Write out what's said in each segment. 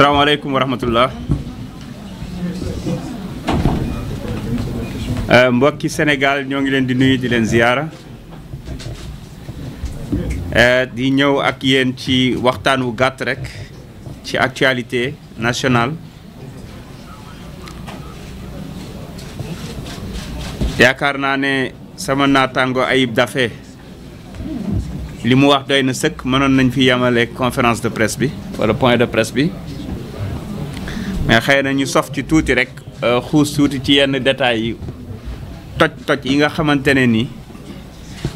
salaamaaleykum wa rahmatullah euh, mbokki Sénégal ñoo ngi leen di nuyu di leen ziyaara euh, di ñëw ak yéen ci waxtaan wu gàtt rekk ci actualité national yaakaar naa ne sama naataango Ayib Daffé li mu wax doy na sëkk mënoon nañu fi yemale conférence de presse bi wala point de presse bi mais xëy na ñu sof ci tuuti rek euh, xuus suuti ci yenn détails yi toj-toj yi nga xamante ne nii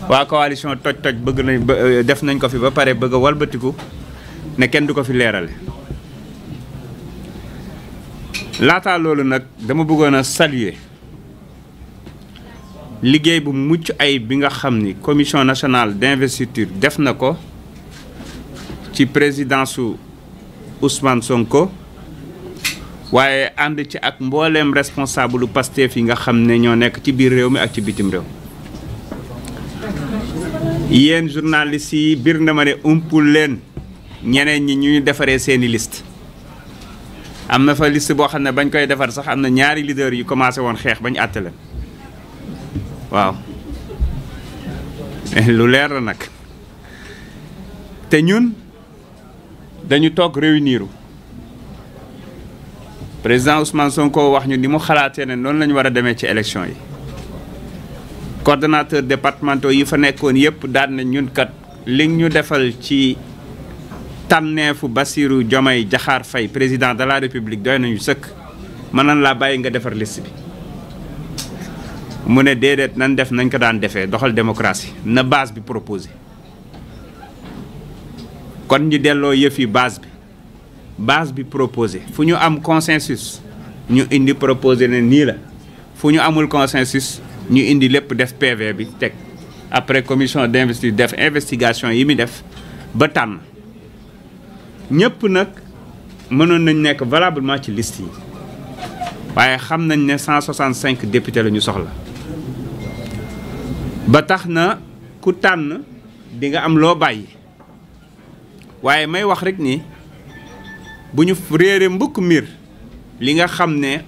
waa coalition toj-toj bëgg nañ euh, def nañ ko fi ba pare bëgg walbatiku ne kenn du ko fi leerale laataa loolu nag dama bëggoon a saluer liggéey bu mucc ay bi nga xam ni commission nationale d'investiture def na ko ci présidence su Ousmane Sonko. waaye ànd ci ak mbooleem responsable Pastef fii nga xam ne ñoo nekk ci biir réew mi ak ci bitim réew yéen journalistes yi biir na ma ne umpul leen ñeneen ñi ñuy defaree seeni list am na fa liste boo xam ne bañ koy defar sax am na ñaari leader yu commencé woon xeex bañ àtte leen waaw eh, lu leer la nag te ñun dañu togg réuniru président Ousmane Sonko wax ñu ni mu xalaatee ne noonu la ñu war a demee ci élection yi coordonnateur départementaux yi fa nekkoon yëpp daan na ñun li ñu defal ci tànneefu Bassirou Diomaye jaxaar fay président de la République doy nañu sëkk mën nañ laa bàyyi nga defar liste bi mu ne déedéet nan def nañ ko daan defee doxal démocratie na baas bi proposé kon ñu delloo yëf yi base bi base bi proposé fu ñu am consensus ñu indi proposé ne nii la fu ñu amul consensus ñu indi lépp def PV bi teg après commission d'investi def investigation yi mu def ba tànn ñëpp nag mënoon nañ nekk valablement ci liste yi waaye xam nañ ne 165 députés la ñu soxla ba tax na ku tànn di nga am loo bàyyi waaye may wax rek ni. bu ñu réere mbukk mbir li nga xam ne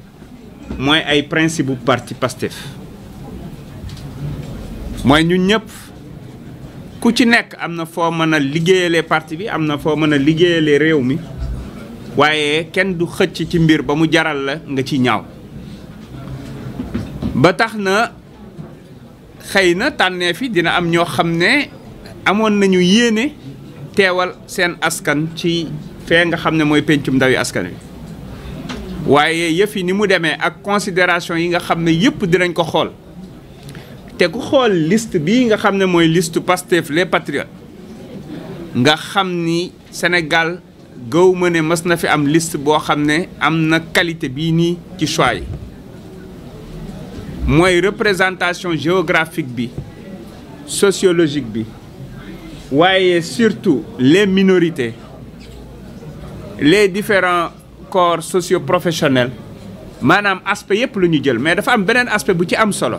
mooy ay prince bu parti Pastef mooy ñun ñëpp ku ci nekk am na foo mën a liggéeyalee parti bi am na foo mën a liggéeyalee réew mi waaye kenn du xëcc ci mbir ba mu jaral la nga ci ñaaw ba tax na xëy na tànneef yi dina am ñoo xam ne amoon nañu yéene teewal seen askan ci fee nga xam ne mooy pencum ndawi askan wi waaye yëf yi ni mu demee ak considération yi nga xam ne yëpp dinañ ko xool te ku xool list bi nga xam ne mooy listu Pastef les patriotes nga xam ni Sénégal gowma ne mës na fi am liste boo xam ne am na qualité bii nii ci choix yi mooy représentation géografique bi sociologique bi waaye surtout les minorités les différent corps socio-professionnels maanaam aspect yëpp lu ñu jël mais dafa am beneen aspect bu ci am solo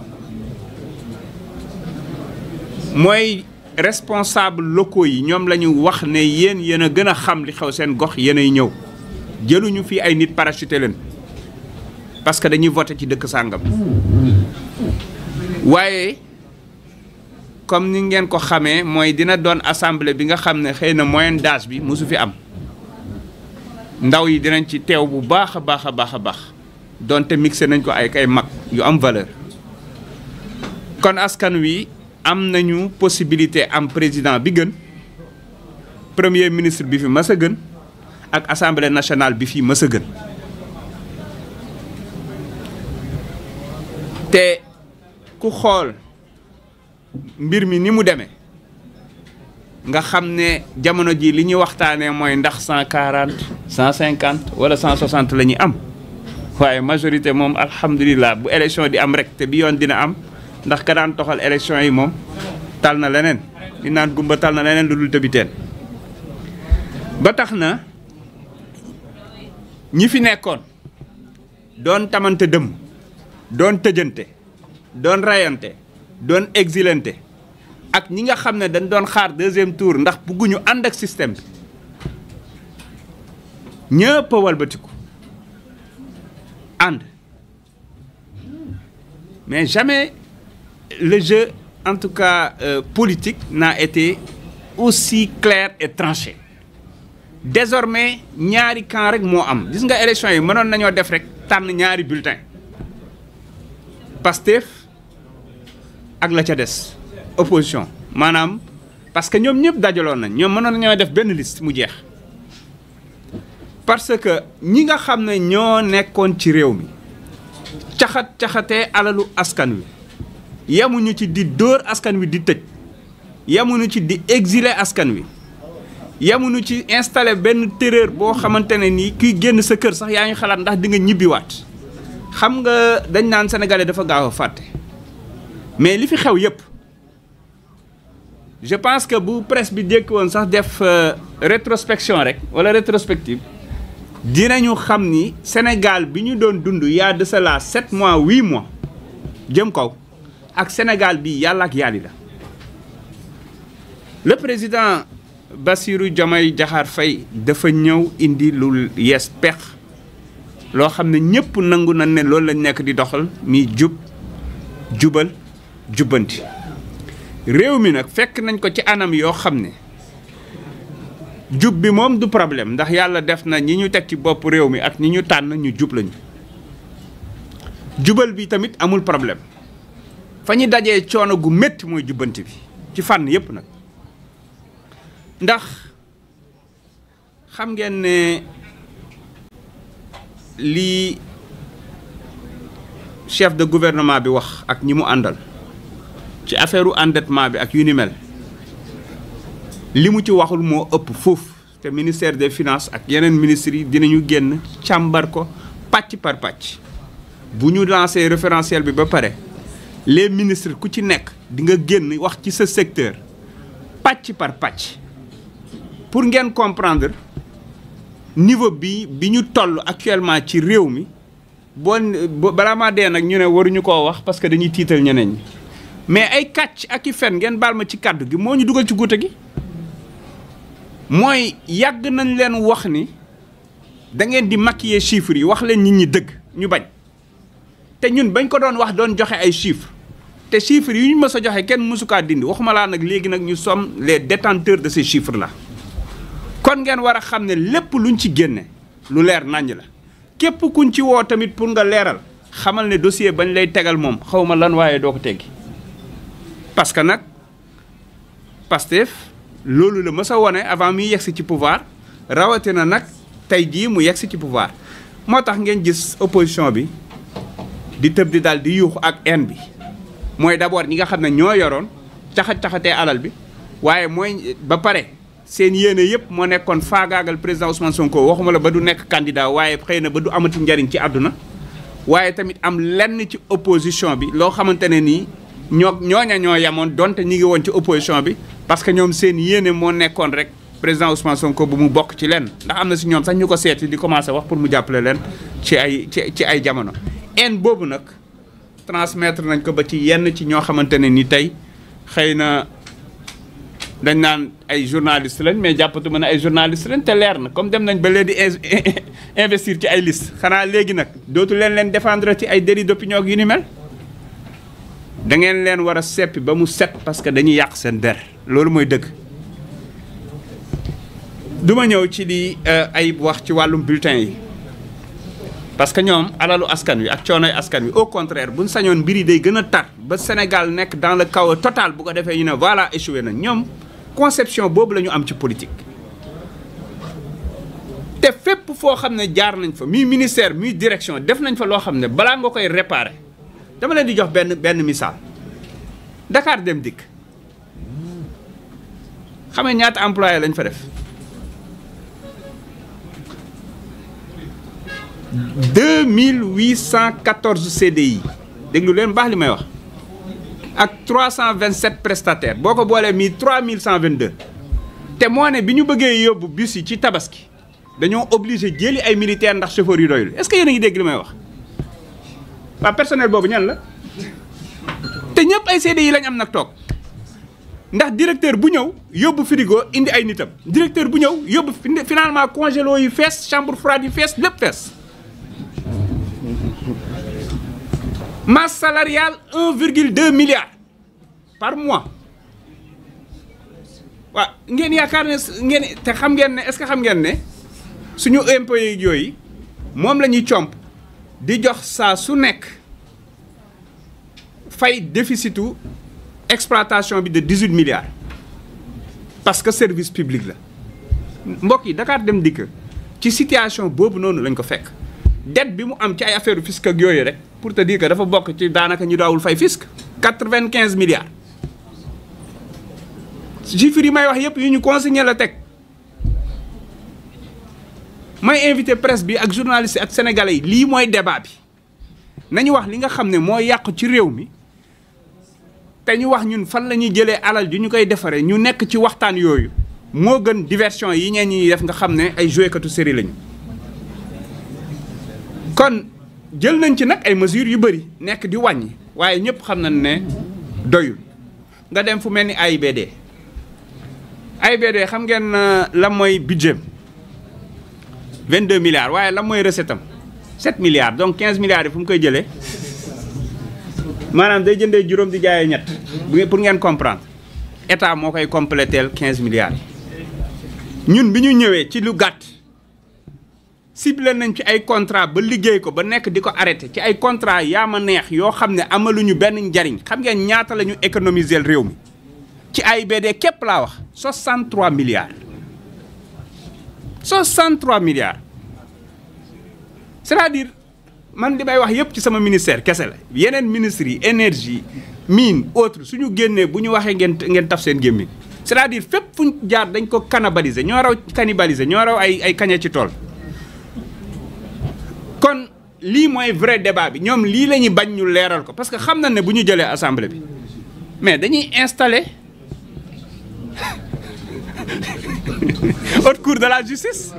mooy responsable loko yi ñoom lañu wax ne yéen yéen a gën a xam li xew seen gox yéen ay ñëw jëluñu fii ay nit parachuté leen parce que dañuy vote ci dëkk sàngam waaye comme ni ngeen ko xamee mooy dina doon assemblée bi nga xam ne xëy na moyenne d'âge bi mosu fi am ndaw yi dinañ ci teew bu baax a baax a baax a baax donte mixé nañ ko ay ay mag yu am valeur kon askan wi am nañu possibilité am président bi gën premier ministre bi fi mës gën ak assemblée nationale bi fi mës a gën te ku xool mbir mi ni mu demee nga xam ne jamono ji li ñuy waxtaanee mooy ndax 140 cent cinquante wala cent soixante la ñuy am waaye majorité moom alhamdulilah bu élection di am rek te bi yoon dina am ndax ka daan toxal élection yi moom tal na leneen dinaan naan gumba tal na leneen lu dul tëbiteen ba tax na ñi fi nekkoon doon tamante dëmm doon tëjante doon rayante doon exilante ak ñi nga xam ne dañ doon xaar deuxième tour ndax bugguñu ànd ak système bi ñëpp a walbatiku ànd mais jamais le jeu en tout cas euh, politique n'a été aussi clair et tranché désormais ñaari camp rek moo am gis nga élection yi mënoon nañoo def rek tànn ñaari bulletin Pastef ak la ca des opposition maanaam parce que ñoom ñëpp dajaloon nañ ñoom mën mënoon nañoo def benn liste mu jeex parce que ñi nga xam ne ñoo nekkoon ci réew mi caxat caxatee alalu askan wi yemuñu ci di dóor askan wi di tëj yemuñu ci di exiler askan wi yemuñu ci installer benn terreur boo xamante ne nii kiy génn sa kër sax yaa ngi xalaat ndax di nga ñibbiwaat xam nga dañ naan sénégalais dafa gaaw a fàtte mais li fi xew yépp je pense que bu presse bi jékki woon sax def euh, rétrospection rek wala rétrospective dinañu xam ni senegaal bi ñu doon dund yaa de cela mois huit mois jëm kaw ak Sénégal bi yàlla ak yàlli la le président Bassirou Diomaye Diakhar Faye dafa ñëw indi lu yees pex loo xam ne ñëpp nangu na ne loolu lañ nekk di doxal mi jub jubal jubbanti réew mi nag fekk nañ ko ci anam yoo xam ne jub bi moom du problème ndax yàlla def na ñi ñu teg ci bopp réew mi ak ñi ñu tànn ñu jub lañu jubal bi tamit amul problème fa ñu dajee coono gu métti mooy jubbante bi ci fànn yépp nag ndax xam ngeen ne lii chef de gouvernement bi wax ak ñi mu àndal ci affaire u endettement bi ak yu ni mel li mu ci waxul moo ëpp foofu te ministère des finances ak yeneen ministres yi dinañu génn càmbar ko pàcc par pàcc bu ñu lancé référentiel bi ba pare les ministres ku ci nekk di nga génn wax ci sa secteur pàcc par pàcc pour ngeen comprendre niveau bi bi ñu toll actuellement ci réew mi boo balaa maa dee nag ñu ne waruñu koo wax parce que dañuy tiital ñeneen ñi mais ay kàcc ak i fen ngeen baal ma ci kàddu gi moo ñu dugal ci guute gi mooy yàgg nañ leen wax ni da ngeen di maquiller chiffres yi wax leen nit ñi dëgg ñu bañ te ñun bañ ko doon wax doon joxe ay chiffres te chiffres yu ñu mës a joxe kenn mësukaa dindi waxuma laa nag léegi nag ñu sommes les détenteurs de ces chiffres la kon ngeen war a xam ne lépp luñ ci génne lu leer nàññ la képp kuñ ci woo tamit pour nga leeral xamal ne dossier bañ lay tegal moom xawma lan waaye doo ko teggi parce que nag Pastef loolu la mës a wone avant muy yegsi ci pouvoir rawatina nag tey jii mu yegsi ci pouvoir moo tax ngeen gis opposition bi di tëb di daal di yuuxu ak haine bi mooy d'abord ñi nga xam ne ñoo yoroon caxat caxatee alal bi waaye mooy ba pare seen yéene yëpp moo nekkoon faagaagal président Ousmane Sonko waxuma la ba du nekk candidat waaye xëy na ba du amati njariñ ci àdduna waaye tamit am lenn ci opposition bi loo xamante ne nii ñoo ñooña ñoo yamoon donte ñu ngi ci opposition bi parce que ñoom seen yéene moo nekkoon rek président Ousmane Sonko bu mu bokk ci leen ndax am na si ñoom sax ñu ko seeti di commencé wax pour mu jàppale leen ci ay ci ci ay jamono. en boobu nag transmettre nañ ko ba ci yenn ci ñoo xamante ne ni tey xëy na dañ naan ay journaliste lañ mais jàppatu ma ne ay journaliste lañ te leer na comme dem nañ ba di investir ci ay liste xanaa léegi nag dootu leen leen défendre ci ay délit d'opinion ak yu ni mel. da ngeen leen war a seppi ba mu set parce que dañuy yàq seen der loolu mooy dëgg du ma ñëw ci li euh, ay wax ci wàllum bulletin yi parce que ñoom alalu askan wi ak coonoy askan wi au contraire buñ sañoon mbir yi day gën a tar ba Sénégal nekk dans le chaos total bu ko defee ñu ne voilà échoué na ñoom conception boobu la ñu am ci politique te fépp foo xam ne jaar nañ fa muy ministère muy direction def nañ fa loo xam ne balaa nga koy réparer dama leen di jox benn benn misaal Dakar dem dikk xam ñaata employé lañu fa def deux mille huit cent quatorze CDI déglu leen baax li may wax ak trois cent vingt sept boo ko boolee mii trois mille cent vingt deux te moo ne bi ñu bëggee yóbbu bus yi ci tabaski dañoo obligé jëli ay militaires ndax chauffeurs yu doyul est-ce ngi dégg li may wax. waa personnel boobu ñan la te ñëpp ay yi lañ am nag toog ndax directeur bu ñëw yóbbu frigo indi ay nitam directeur bu ñëw yóbbu finalement congélo yu fees chambre froide yu fees lépp fees masse salariale 1,2 milliard par mois waaw ngeen yaakaar ne ngeen te xam ngeen ne est-ce que xam ngeen ne suñu employé yooyu moom la ñuy comp di jox saa su nekk fay déficitu exploitation bi de dix-huit milliards parce que service public la mbokk yi Dakar dem dikk ci situation boobu noonu lañ ko fekk dette bi mu am ci ay affaire fisc yooyu rek pour te dire ko dafa bokk ci daanaka ñu daawul fay fisc quatre-vingt-quinze milliards chiffres yi may wax yëpp yu ñu consigné la teg mooy invité presse bi ak journaliste ak sénégal yi lii mooy débat bi nañu wax li nga xam ne moo yàqu ci réew mi te ñu wax ñun fan la ñuy jëlee alal ju ñu koy defaree ñu nekk ci waxtaan yooyu moo gën diversion yi ñeen ñi def nga xam ne ay jouekatu série lañu kon jël nañ ci nag ay mesures yu bëri nekk di wàññi waaye ñëpp xam nañ ne doyul nga dem fu mel ni AIBD AIBD xam ngeen euh, lan mooy budget 22 milliards waaye lan mooy recette am 7 milliards donc 15 milliards yi fu mu koy jëlee maanaam day jëndee juróom di jaayee ñett pour ngeen comprendre état moo koy compléteel 15 milliards yi ñun bi ñu ñëwee ci lu gàtt ciblé nañ ci ay contrat ba liggéey ko ba nekk di ko arrêté ci ay contrat yaa ma neex yoo xam ne amaluñu benn njariñ xam ngeen ñaata la ñu économiser réew mi ci ay AIBD képp laa wax 63 milliards 63 milliards c'est-à-dire man li may wax yëpp ci sama ministère kese la yeneen ministres yi énergie mine autre suñu génnee bu ñu waxee ngeen ngeen taf seen gémmiñ c'est-à-dire fépp fuñ jaar dañ ko cannibaliser ñoo raw cannibaliser ñoo raw ay ay kaña ci tool kon lii mooy vrai débat bi ñoom lii la ñuy bañ ñu leeral ko parce que xam na ne bu ñu jëlee assemblée bi mais dañuy installer haute cour de la justice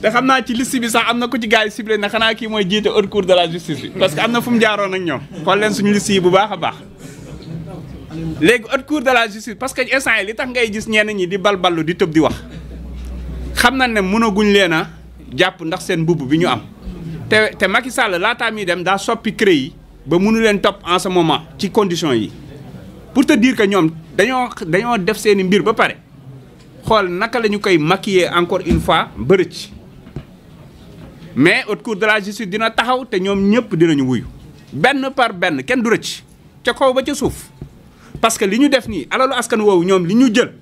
te xam naa ci liste bi sax am na ko ci gars yi ne xanaa kii mooy jiite haute cour de la justice bi parce que am na fu mu jaaroon ak ñoom xool leen suñu liste yi bu baax a baax léegi haute cour de la justice parce que instant yi li tax ngay gis ñenn ñi di balballu di tëb di wax xam na ne mënaguñ leen a jàpp ndax seen mbubb bi ñu am te te Macky Sall laataa muy dem daa soppi cré yi ba mënu leen topp en ce ci condition yi pour te que ñoom dañoo dañoo def seeni mbir ba pare xool naka la ñu koy maquiller encore une fois bërëc mais haute cour de la justice dina taxaw te ñoom ñëpp dinañu wuyu benn par benn kenn du rëcc ca kaw ba ca suuf parce que li ñu def nii alalu askan woowu ñoom li ñu jël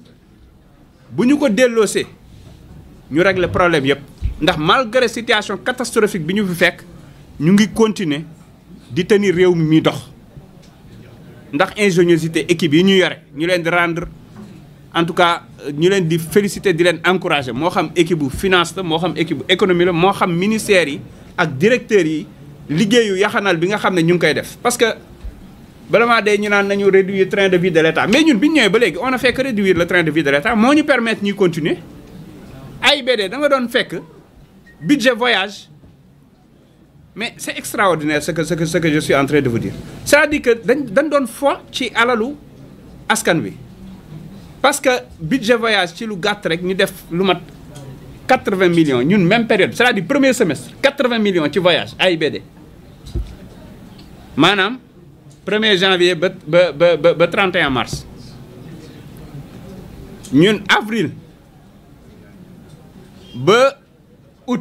bu ñu ko delloosee ñu régler problème yëpp ndax malgré situation catastrophique bi ñu fi fekk ñu ngi continuer di tenir réew mi muy dox ndax ingéniosité équipe yi ñu yore ñu leen di rendre en tout cas ñu leen di féliciter di leen encourager moo xam équipe bu finance la moo xam équipe bu économie la moo xam ministères yi ak directeurs yi liggéeyu yaxanal bi nga xam ne ñu ngi koy def parce que vraiment day ñu naan nañu réduire train de vie de l'État mais ñun bi ñu ñëwee ba léegi on a fekk réduire le train de vie de l'État moo ñu permettre ñuy continuer AIBD da nga doon fekk budget voyage mais c'est extraordinaire ce que ce que ce que je suis en de vous dire cest que dañ dañ doon fo ci alalu askan wi parce que budget voyage ci lu gàtt rek ñu def lu mat 80 millions ñun même période c'est-à-dire premier semestre 80 millions ci voyage AIBD maanaam 1er janvier ba ba ba ba 31 mars ñun avril ba août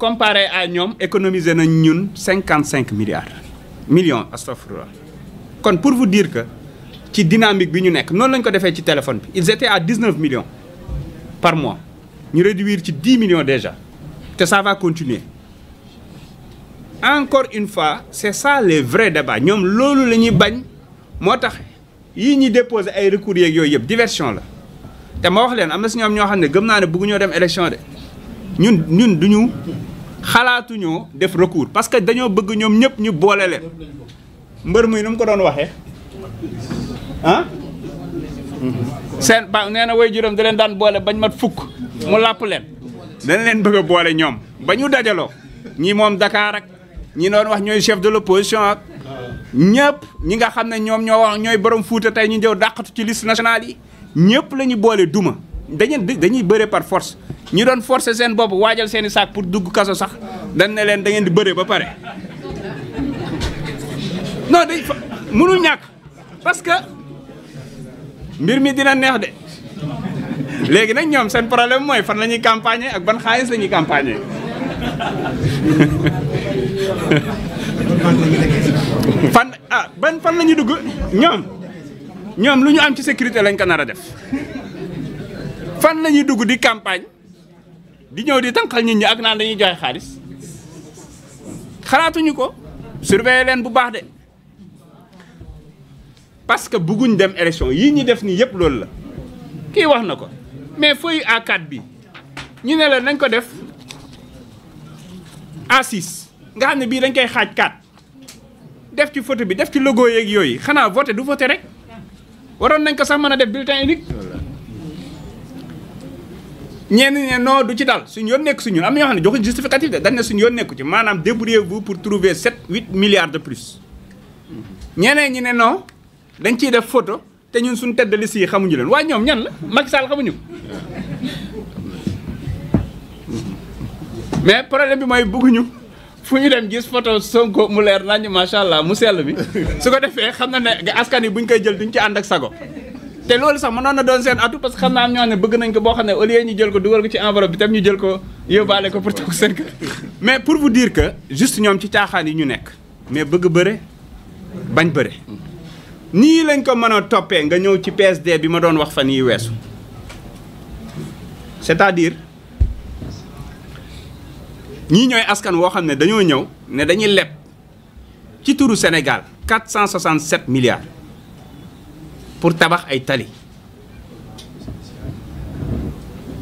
comparé à ñoom économiser nañ ñun 55 milliards millions astafurlah kon pour vous dire que. ci dynamique bi ñu nekk noonu lañ ko defee ci téléphone bi ils étaient à 19 par mois ñu réduire ci 10 millions déjà te ça va continuer encore une fois c'est ça les de débats ñoom loolu la ñuy bañ moo tax yi ñuy déposer ay recours yeeg yooyu yëpp diversion la te ma wax leen am na si ñoom ñoo xam ne gëm naa ne bëggu ñoo dem élection de ñun ñun duñu xalaatuñoo def recours parce que dañoo bëgg ñoom ñëpp ñu boole leen mbër muy nu mu ko doon waxee ah seen ba nee na way juróom da leen daan boole bañ mat fukk mu làpp leen dañ leen bëgg boole ñoom ba ñu dajaloo ñii moom Dakar ak ñi doon wax ñooy chef de l'opposition ak ñëpp ñi nga xam ne ñoom ñoo wax ñooy borom Fuuta tey ñu jëw dàqatu ci liste nationale yi ñëpp la ñu boole duma dañu dañuy bëre par force ñi doon forcer seen bopp waajal seen i saak pour dugg kaso sax dañ ne leen da ngeen di bëre ba pare non day mënul ñàkk parce mbir mi dina neex de léegi nag ñoom seen problème mooy fan la ñuy campagner ak ban xaalis la ñuy fan a ah, ban fan la ñuy dugg ñoom ñoom lu ñu am ci sécurité lañ ko nar a def fan la ñuy dugg di campagne di ñëw di tànqal ñu ñi ak naan dañuy joxe xaalis xalaatuñu ko surveiller bu baax de parce que bëgguñ dem élection yi ñu def nii yëpp loolu la kii wax na ko mais fooy A4 bi ñu ne la nañ ko def A6 nga xam ne bii dañ koy xaaj kaat def ci photo bi def ci logo yeeg yooyu xanaa voté du voté rek waroon nañ ko sax mën a def bulletin unique. ñenn ñi ne non du ci daal suñu yoon am na ñoo xam ne joxuñ justificatif de dañ suñu yoon nekku ci maanaam débrouillez-vous pour trouver 7 8 milliards de plus ñi ne non. dañ ciy def photo te ñun suñu tedd liste yi xamuñu leen waa ñoom ñan la Macky Sall xamuñu ko mais problème bi mooy bëgguñu fu ñu dem gis photo Sonko mu leer nañu macha allah mu sell bi su ko defee xam na ne askan yi buñ koy jël duñ ci ànd ak sago te loolu sax mënoon na doon seen atu parce que xam naa am ñoo xam ne bëgg nañ ko boo xam ne au lieu ñu jël ko dugal ko ci enveloppe bi tam ñu jël ko yóbbaale ko pour toog seen kër mais pour vous diir que juste ñoom ci caaxaan yi ñu nekk mais bëgg bëre bañ bëre nii lañ ko mën a toppee nga ñëw ci PSD bi ma doon wax fa yi weesu c'est-à-dire ñii ñooy askan woo xam ne dañoo ñëw ne dañuy leb ci turu Sénégal 467 milliards pour tabax ay tali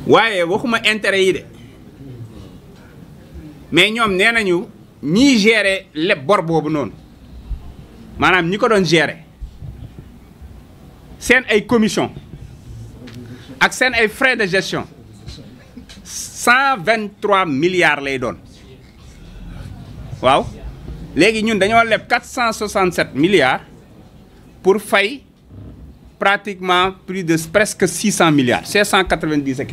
waaye waxuma intérêt yi de mais ñoom nee nañu ñiy gere leb bor boobu noonu maanaam ñi ko doon gere seen ay commission ak seen ay frais de gestion cent vingt trois milliards lay doon waaw léegi ñun dañoo leb quatre cent soixante sept milliards pour fay pratiquement plus de presque six cent milliards six cent quatre vingt dix et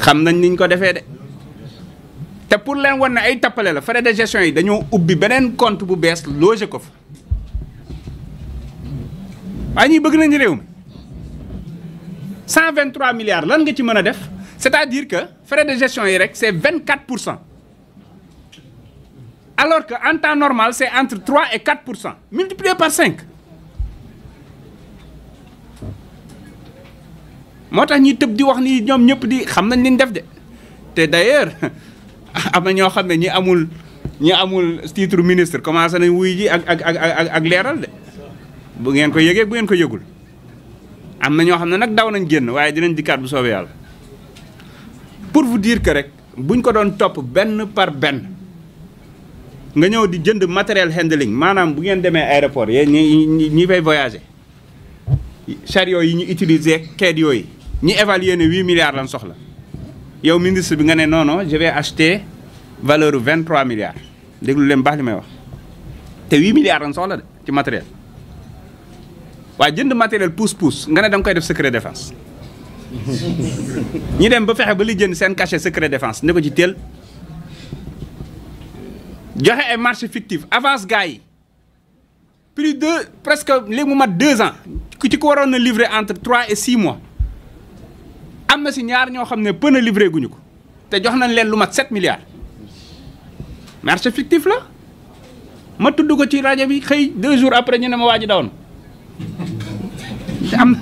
xam nañ niñ ko defee de te pour leen wan ne ay tappale la frais de gestion yi dañoo ubbi beneen compte bu bees loger ko fa waaye ñii bëgg nañu réew mi 123 milliards lan nga ci mën a def cest à diir que frais de gestion yi rek c'est 24 pour cent alors que en temps normal c'est entre 3 et 4 pour cent multiplié par cinq moo tax ñuy tëb di wax ni ñoom ñëpp di xam nañ liñ def de te d'ailleurs am na ñoo xam ne ñi amul ñi amul titre ministre commencé nañ wuy ji ak ak ak ak leeral de. bu ngeen ko yëgee bu ngeen ko yëgul am na ñoo xam ne nag daw nañ génn waaye dinañ dikkaat bu soobee yàlla pour vous dire que rek buñ ko doon topp benn par benn nga ñëw di jënd matériel handling maanaam bu ngeen demee aéroport yéen ñi ñi fay voyager chariot yi ñu utiliser keet yooyu ñu évaluer ne huit milliards lan soxla yow ministre bi nga ne non non je vais valeur vingt trois milliards déglu leen baax li may wax te huit milliards soxla de ci matériel. waa jënd matériel pousse-pousse nga ne da nga koy def secret défense ñi dem ba fexe ba li jënd seen cachet secret défense ne ko ci teel joxe ay marché fictif avance gars yi plus deux presque léegi mu mat deux ans ku ci ko waroon na livrer entre trois et six mois am na si ñaar ñoo xam ne pën a livré guñu ko te jox nañ leen lu mat sept milliards marché fictif la ma tudd ko ci rajo bi xëy deux jours après ñu ne ma waa ji dawoon am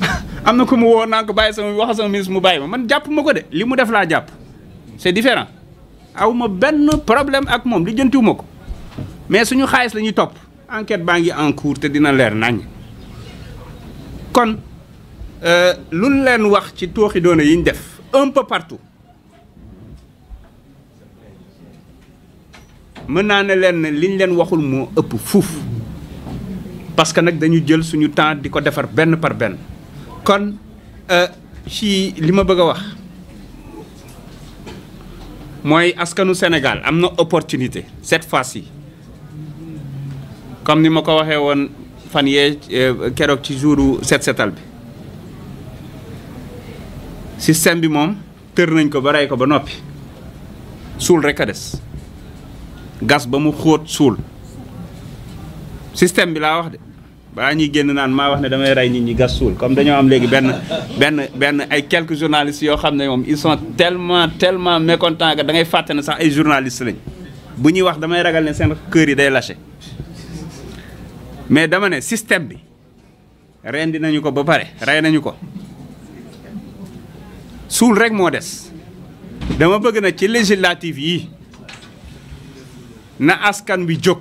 am na ku mu woo naan ko bàyyi sama wax sama ministre mu bàyyi ma man jàpp ma ko de li mu def laa jàpp c'est différent awma benn problème ak moom li jëntiwu ko mais suñu xaalis lañuy topp enquête baa ngi en cours te dina leer nañ kon euh, luñ leen wax ci tooxi doona yi ñu def un peu partout mën naa ne leen ne liñ leen waxul moo ëpp fuuf parce que nag dañu jël suñu temps di ko defar benn par benn kon euh, ci li ma bëgg wax mooy askanu Sénégal am na opportunité cette fois-ci comme ni ma ko waxee woon fan yee euh, keroog ci jouru set setal bi système bi moom tër nañ ko ba rey ko ba noppi suul rek a des gas ba mu xóot suul système bi laa wax de balaa ñuy génn naan maa wax ne damay rey nit ñi gas suul comme dañoo am léegi benn benn benn ay quelques journalistes yoo xam ne moom ils sont tellement tellement mécontents que da ngay fàtte ne sax ay journalistes lañ bu ñuy wax damay ragal ne seen kër yi day lâché mais dama ne système bi rendi nañu ko ba pare rey nañu ko suul rek moo des dama bëgg na ci législative yi na askan wi jóg.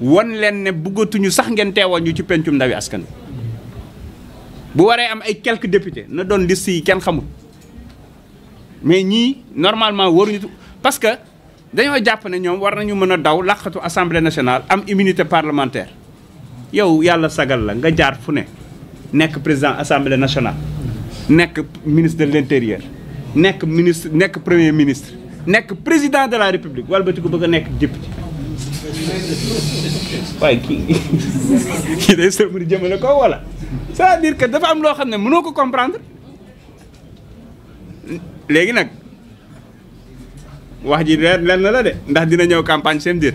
wan leen ne buggatuñu sax ngeen teewal ñu ci pencum ndawi askan bu waree am ay quelques députés na doon liste yi kenn xamul mais ñii normalement waruñu parce que dañoo jàpp ne ñoom war nañu mën a daw laqatu assemblée nationale am immunité parlementaire yow yàlla sagal la nga jaar fu ne nekk président assemblée nationale nekk ministre de l'intérieur nekk ministre nekk premier ministre nekk président de la république walbati ba ko bëgg a nekk député waaye kii kii day sëmri jëmale ko wala c'est-à-dire que dafa am loo xam ne mënoo ko comprendre léegi nag wax ji leer lenn la de ndax dina ñëw campagne seen déet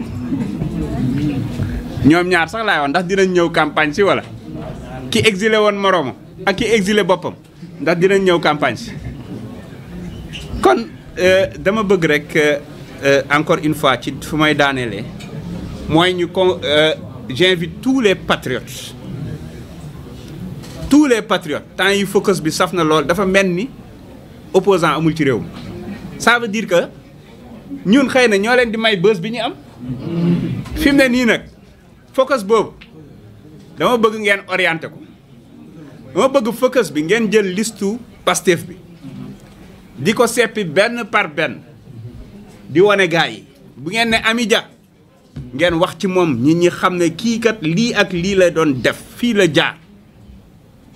ñoom ñaar sax laay ndax dinañ ñëw campagne si wala ki exile woon moroomam ak ki exilé boppam ndax dinañ ñëw campagne si kon euh, dama bëgg rek euh, euh, encore une fois ci fu may daaneele ñu moi, euh, j'invite tous les patriotes. Tous les patriotes, tant il faut que ce soit opposant à Multiréum. Ça veut dire que di may les bi ñu am fim Film nii nag focus boobu Dama bëgg ngeen orienté ko dama bëgg focus bi ngeen jël listu Pastef bi di ko seppi benn par benn di wane gars yi bu ngeen ne Amy Dia ngeen wax ci moom nit ñi xam ne kii kat lii ak lii la doon def fii la jaar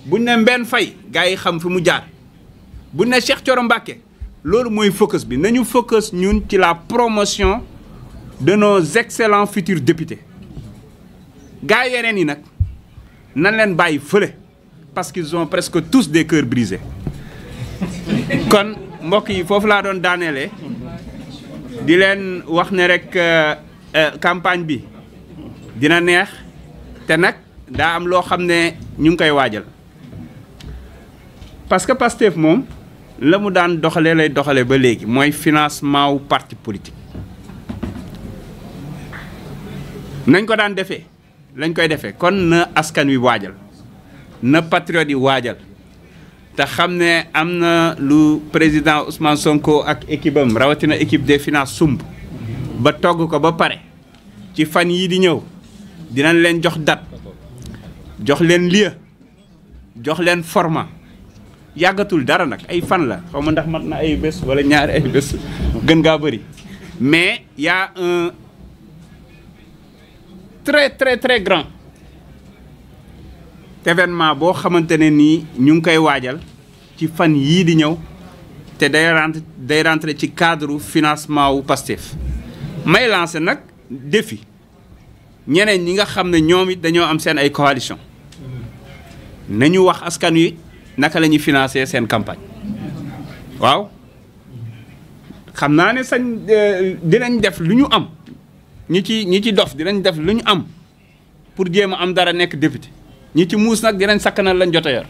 buñ ne Mbène Faye gars yi xam fi mu jaar bu ne Cheikh coro Mbacké loolu mooy focus bi nañu focus ñun ci la promotion danoo nos excellents futurs députés gars yeneen yi nag nan leen bàyyi fële parce qu'ils ont presque tous des cœurs brisés kon mbokk yi foofu laa doon daaneele di leen wax ne rek euh, Euh, campagne bi dina neex te nag daa am loo xam ne ñu ngi koy waajal parce que Pastef moom la mu daan doxalee lay doxalee ba léegi mooy financement wu parti politique nañ ko daan defee lañ koy defee kon na askan wi waajal na patriote yi waajal te xam ne am na lu président Ousmane Sonko ak équipe rawatina équipe des finance sumb ba togg ko ba pare ci fan yii di ñëw dinañ leen jox date jox leen lieu jox leen forma yàggatul dara nag ay fan la xawma ma ndax mat na ay bés wala ñaari ay bés gën ngaa bëri mais yaa a un très très très grand événement boo xamante ne nii ñu ngi koy waajal ci fan yii di ñëw te day rentre ci cadre financement wu Pastef may lancé nag défi ñeneen ñi nga xam ne ñoom it dañoo am seen ay coalition nañu wax askan wi naka lañuy ñuy seen campagne waaw xam naa ne sañ euh, dinañ def lu ñu am ñi ci ñi ci dof dinañ def lu ñu am pour jéem a am dara nekk député ñi ci muus nag dinañ sakkanal lañ jot yor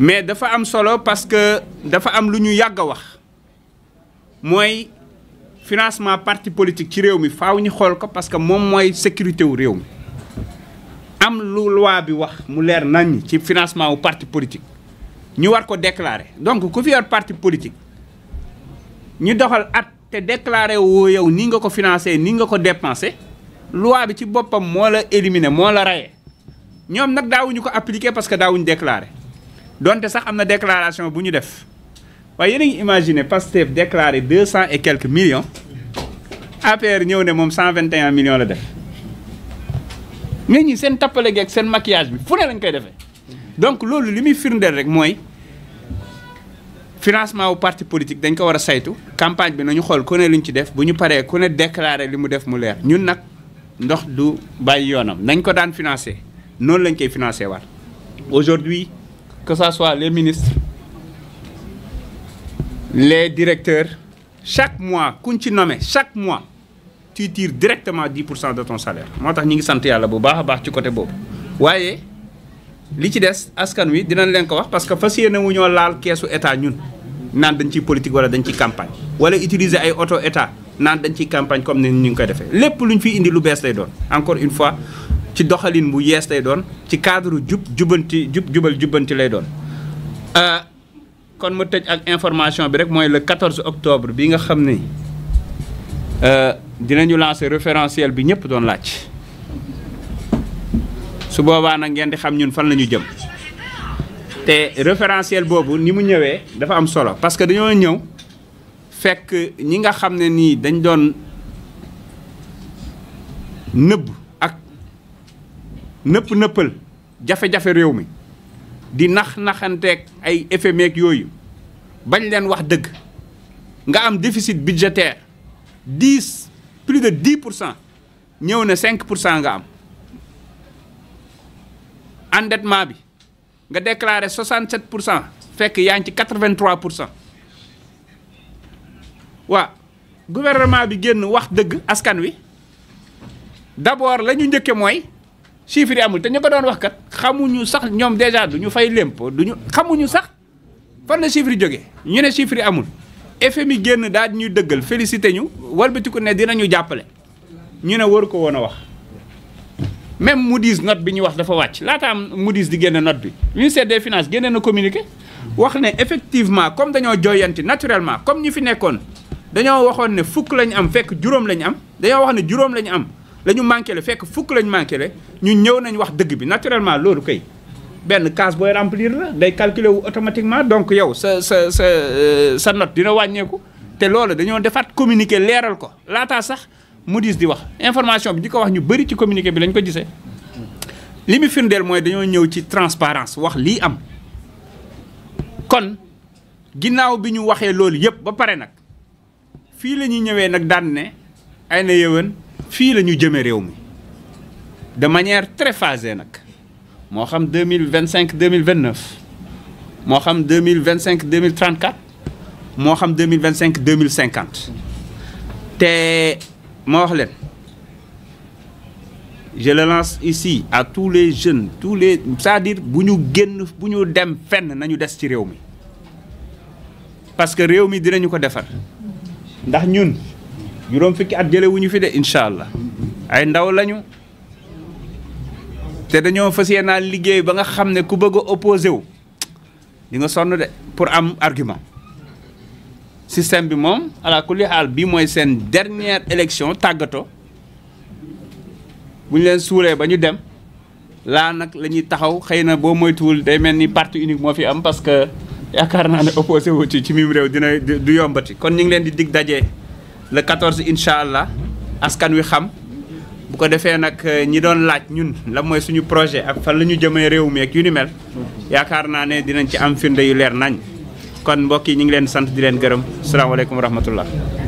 mais dafa am solo parce que dafa am lu ñu yàgg a wax mooy financement parti politique ci réew mi faaw ñu xool ko parce que moom mooy sécurité wu réew mi am lu loi bi wax mu leer nañ ci financement wu parti politique ñu war ko déclarer donc ku fi yor parti politique ñu doxal at te déclarer woo yow ni nga ko financé ni nga ko dépensé loi bi ci boppam moo la éliminer moo la rayé ñoom nag daawuñu ko appliquer parce que daawuñu déclarer donte sax am na déclaration bu ñu def waaye yéen a ngi imaginer Pastef déclaré deux cent et quelques millions APR ñëw ne moom cent vingt et un la def mais ñi seen tappale geeg seen maquillage bi fu ne lañ koy defe donc loolu li muy firndeel rek mooy financement wu parti politique dañ ko war a saytu campagne bi nañu xool ku ne luñ ci def bu ñu paree ku ne déclaré li mu def mu leer ñun nag ndox du bàyyi yoonam nañ ko daan financé noonu lañ koy financé waat aujourd'hui que ça soit les ministres les directeur chaque mois kuñ ci nommé chaque mois tu tires directement 10 pour cent de ton salaire moo tax ñi ngi sant yàlla bu baax a baax ci côté boobu waaye li ci des askan wi dinañ leen ko wax parce que fas yéene wu ñoo laal keesu état ñun naan dañ ciy politique wala dañ ciy campagne wala utiliser ay oto état naan dañ ciy campagne comme ni ñu ngi koy defee lépp luñ fi indi lu bees lay doon encore une fois ci doxalin bu yees lay doon ci cadre jub jubanti jub jubal jubanti lay doon euh, kon ma tëj ak information bi rek mooy le 14 octobre bi nga xam ni euh, dinañu lancer référentiel bi ñëpp doon laaj su boobaa nag ngeen di xam ñun fan la ñu jëm te référentiel boobu ni mu ñëwee dafa am solo parce que dañoo ñëw fekk ñi nga xam ne nii dañ doon nëbb ak nëpp nëppal jafe-jafe réew mi di nax-naxanteeg ay FMEeg yooyu bañ leen wax dëgg nga am déficit budgétaire dix plus de pour cent ñëw na cinq pour cent nga am endettement bi nga déclaré 67 pour cent fekk yaa ngi ci 83 pour cent waa gouvernement bi génn wax dëgg askan wi d'abord la ñu njëkke mooy chiffre amul te ñu ko doon wax kat xamuñu sax ñoom dèjà du ñu fay lémpo du ñu xamuñu sax fan la chiffre jóge ñu ne chiffre yi amul FMI génn daal di ñuy dëggal félicité ñu walbatiku ne dina ñu jàppale ñu ne waru ko woon a wax même Moody's note bi ñu wax dafa wàcc laataam Moody's di génne note bi ministère des finance génne na communiqué wax ne effectivement comme dañoo jooyanti naturellement comme ñu fi nekkoon dañoo waxoon ne fukk lañ am fekk juróom lañ am dañoo wax ne juróom lañ am lañu ñu manqué le fekk fukk lañ manqué le ñun ñëw nañ wax dëgg bi naturellement loolu kay benn case booy remplir la day calculer wu automatiquement donc yow sa sa sa euh, sa note dina wàññeeku te loolu dañoo defaat communiqué leeral ko laataa sax mu dis di wax information bi di ko wax ñu bëri ci communiqué bi lañ ko gisee li mu firndeel mooy dañoo ñëw ci transparence wax lii am kon ginnaaw bi ñu waxee loolu yëpp ba pare nag fii la ñuy ñëwee nag daan ne ay na fii la ñu jëmee réew mi de manière très phasée nag moo xam deux mille vingt cinq deux mille vingt neuf moo xam deux mille vingt cinq deux mille trente moo xam deux mille vingt cinq deux mille cinquante te ma wax leen je le lance à tous les jeunes tous les cest à bu ñu génn bu ñu dem fenn nañu des ci réew mi parce que réew mi dinañu ko defar ndax ñun. juróom fukki at jële wu ñu fi de incha allah ay ndaw lañu te dañoo fas yéenaa liggéey ba nga xam ne ku bëgg a opposé wu di nga sonn de pour am argument système bi moom ala kulli xaal bii mooy seen dernière élection tàggatoo bu ñu leen suulee ba ñu dem laa nag la ñuy taxaw xëy na boo moytuwul day mel ni parti unique moo fi am parce que yaakaar naa ne opposé wu ci ci mim réew dina du yombati kon ñu ngi leen di digg daje. le 14 incha allah askan wi xam bu ko defee nag eh, ñi doon laaj ñun la mooy suñu projet ak fan la ñu jëmee réew mi ak yu ni mel yaakaar naa ne dinañ ci am firnde yu leer nañ kon mbokk yi ñu ngi leen sant di leen gërëm salaamaaleykum wa rahmatullah